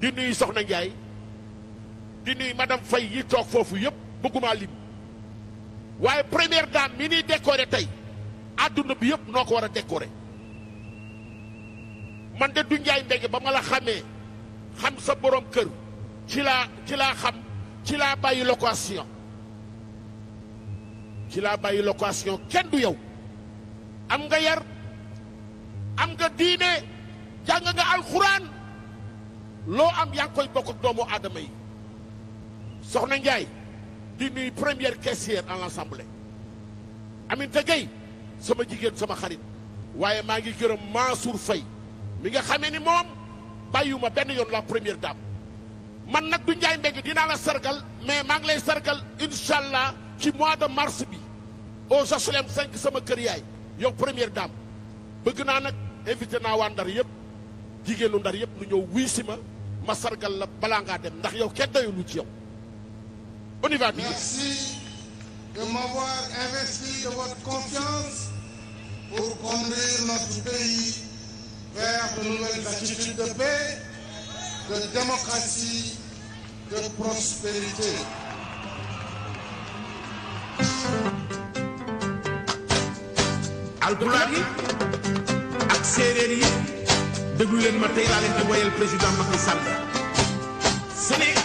di nuyu Soxna Ndiaye di nuyu madame Faye yi toog foofu yëpp bëgguma lim waaye première dame mi ñuy décoré tey àdduna bi yëpp noo ko war a décoré man de du Ndiaye Mbege ba ma la xamee xam sa borom kër ci laa ci laa xam ci laa bàyyi location ci laa bàyyi location kenn du yow am nga yar am nga diine jàng nga alxuraan. loo am yaa ngi koy bokk doomu aadama yi soxna Ndiaye di nuyu première caissière en l'Assemblée Aminata Gueye sama jigéen sama xarit waaye maa ngi gërëm Mansour Faye mi nga xamee ni moom bàyyiwuma benn yoon la première dame man nag du Ndiaye Mbengue dinaa la sargal mais maa ngi lay sargal incha allah ci mois de mars bi au Joslem 5 sama kër yaay yow première dame bëgg naa nag invité naa waa Ndar yëpp. jigéenu ndar yëpp nu ñëw wuy si ma ma sargal la balaa ngaa dem ndax yow kenn dayulu ci yow on y va merci de de votre confiance pour conduire notre pays vers de nouvelles attitudes de paix de démocratie de prospérité alpulaar ak séeréer yi déglu leen ma tey laa leen di woyal président Macky Sall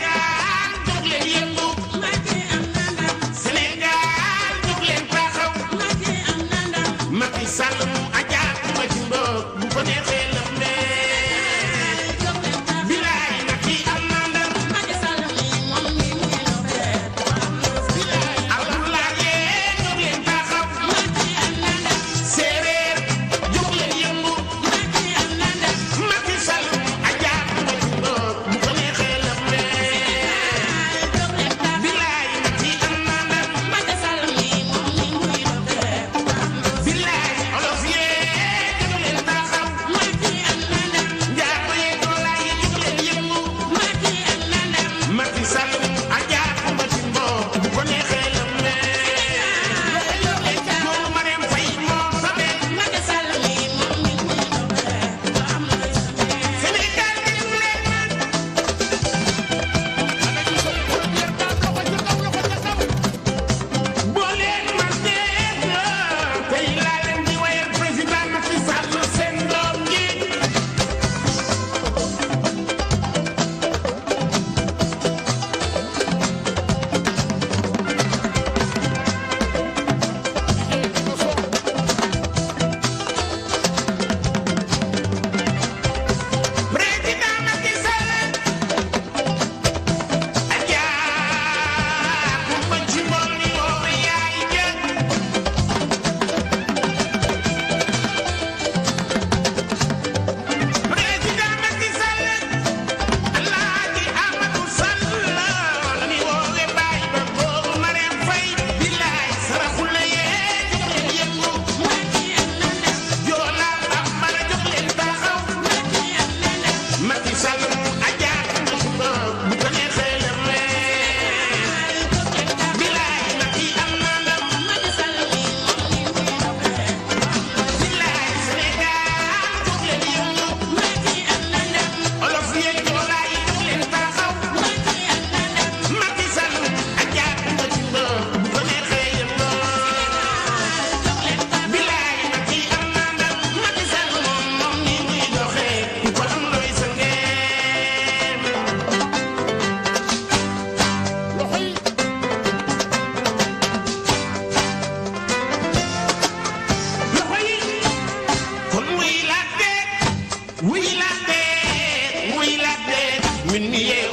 مني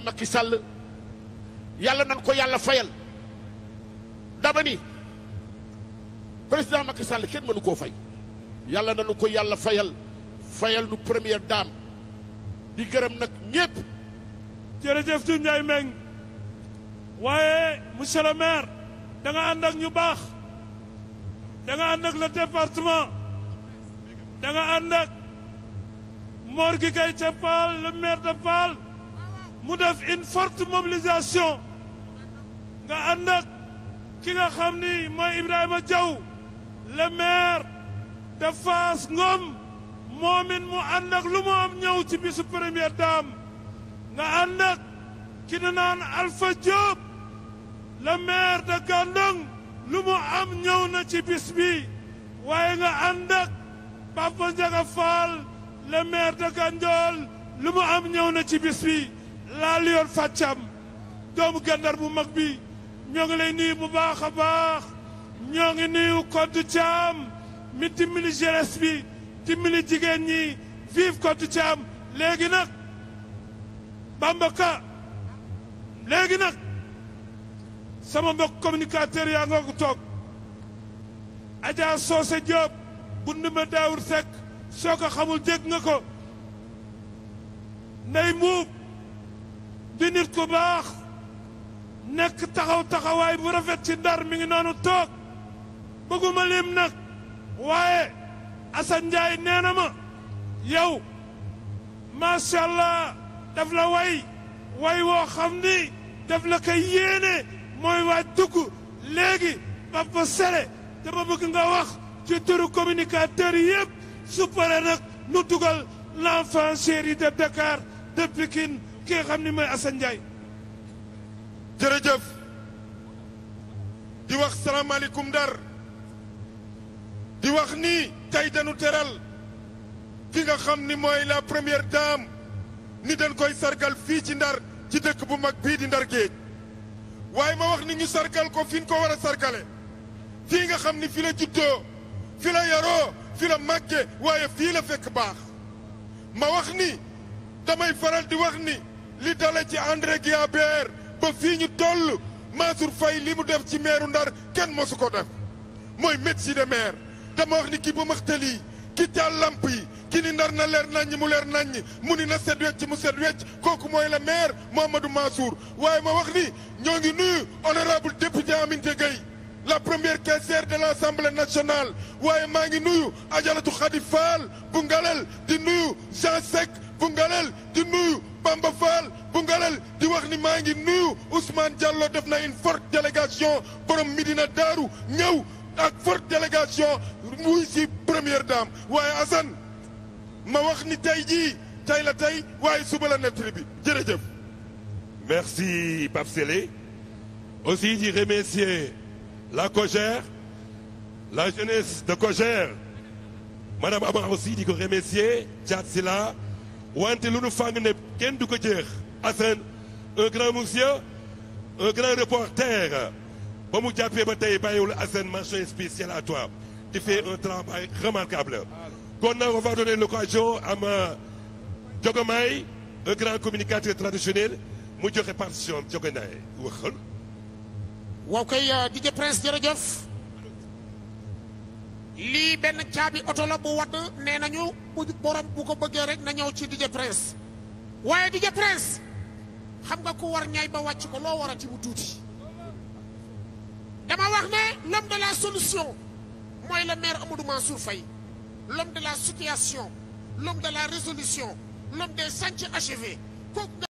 président Macky yàlla nan ko yàlla fayal dama ni président Macky Sall kenn mënu fay yàlla nanu ko yàlla fayal fayal nu première dame di gërëm nag ñépp jërëjëf du Ndiaye Meng waaye monsieur le maire da ñu baax da nga ànd ak le département da nga ànd Paal le maire de mu def une forte mobilisation nga ànd ak ki nga xam ni mooy Ibrahima Diaw le maire de Fass Ngom mu ànd lu mu am ñëw ci bisu première dame nga ànd ki nu naan Alpha Diop le lu mu am ñëw na ci bis bi waaye nga ànd ak Papa Ndiaga Fall lu mu am ñëw na ci bis bi laa liyoon fàccam doomu gàndar bu mag bi ñoo ngi lay nuyu bu baax a baax ñoo ngi nuyu Kontu Thiam mi dimbali jeunesse bi dimbali jigéen ñi vive Kontu Thiam léegi nag Bamba Ka léegi nag sama mbokk communicateur yaa nga ko toog Adja Socé Diop bu ndumba daawur soo ko xamul dégg nga ko nday muub di nit ku baax nekk taxaw taxawaay bu rafet ci ndar mi ngi noonu toog bëgguma lim nag waaye Assane Ndiaye nee na ma yow macha allah daf la way way woo xam ni daf la koy yéene mooy waaj dugg léegi Papa Sele dama bëgg nga wax ci turu communicateur nag nu dugal l'enfant chéri de Dakar de ki xam ni mooy Assane Ndiaye. jërëjëf di wax salaamaaleykum Ndar di wax ni tey dañu teral ki nga xam ni mooy la première dame ni dañ koy sargal fii ci Ndar ci dëkk bu mag bii di Ndar géej waaye ma wax ni ñu sargal ko fi ñu ko war a sargale fii nga xam ni fi la juddoo fi la yaroo fi la màgge waaye fii la fekk baax ma wax ni damay faral di wax ni li dale ci André Guillabert ba fii ñu toll Mansour Faye li mu def ci meeru Ndar kenn mosu ko def mooy médecin de maire dama wax ni ki ba maxtal yi ki taal lamp yi ki ni Ndar na leer naññ mu leer naññ mu ni na set wecc mu set wecc kooku mooy la maire Mouhamadou Mansour waaye ma wax ni ñoo ngi nuyu honorable député Aminata Gueye la première caissière de l'Assemblée nationale waaye maa ngi nuyu ajalatu Khady Fall bu Ngalal di nuyu Jean Seck bu Ngalal di Bamba Fall bu Ngalal di wax ni maa ngi nuyu Ousmane Diallo def na une forte délégation borom Medina Daaru ñëw ak forte délégation muy si première dame waaye Assane ma wax ni tey ji tey la tey waaye suba la nettali bi jërëjëf. merci Pape Sélé aussi di remercier la COJER la jeunesse de COJER madame Amar aussi di ko remercier Thiat Silla wante lu nu fàng ne kenn du ko jeex Assane un grand monsieur un grand reporter ba mu jàppee ba tey bàyyiwul Assane mention spéciale à toi tu fais un travail remarquable kon nag on va donner l'occasion am Jogomaay un grand communicateur traditionnel mu joxe partition Jogonaay waxal waaw kay euh, DJ Prince jërëjëf lii benn caabi oto la bu wadd nee nañu bu borom bu ko bëggee rek na ñëw ci DJ Prince waaye DJ Prince xam nga ku war ñay ba wàcc ko loo warati bu tuuti dama wax ne l'homme de la solution mooy le maire Amadou Mansour Faye l'homme de la situation l'homme de la résolution l'homme des chantiers achevés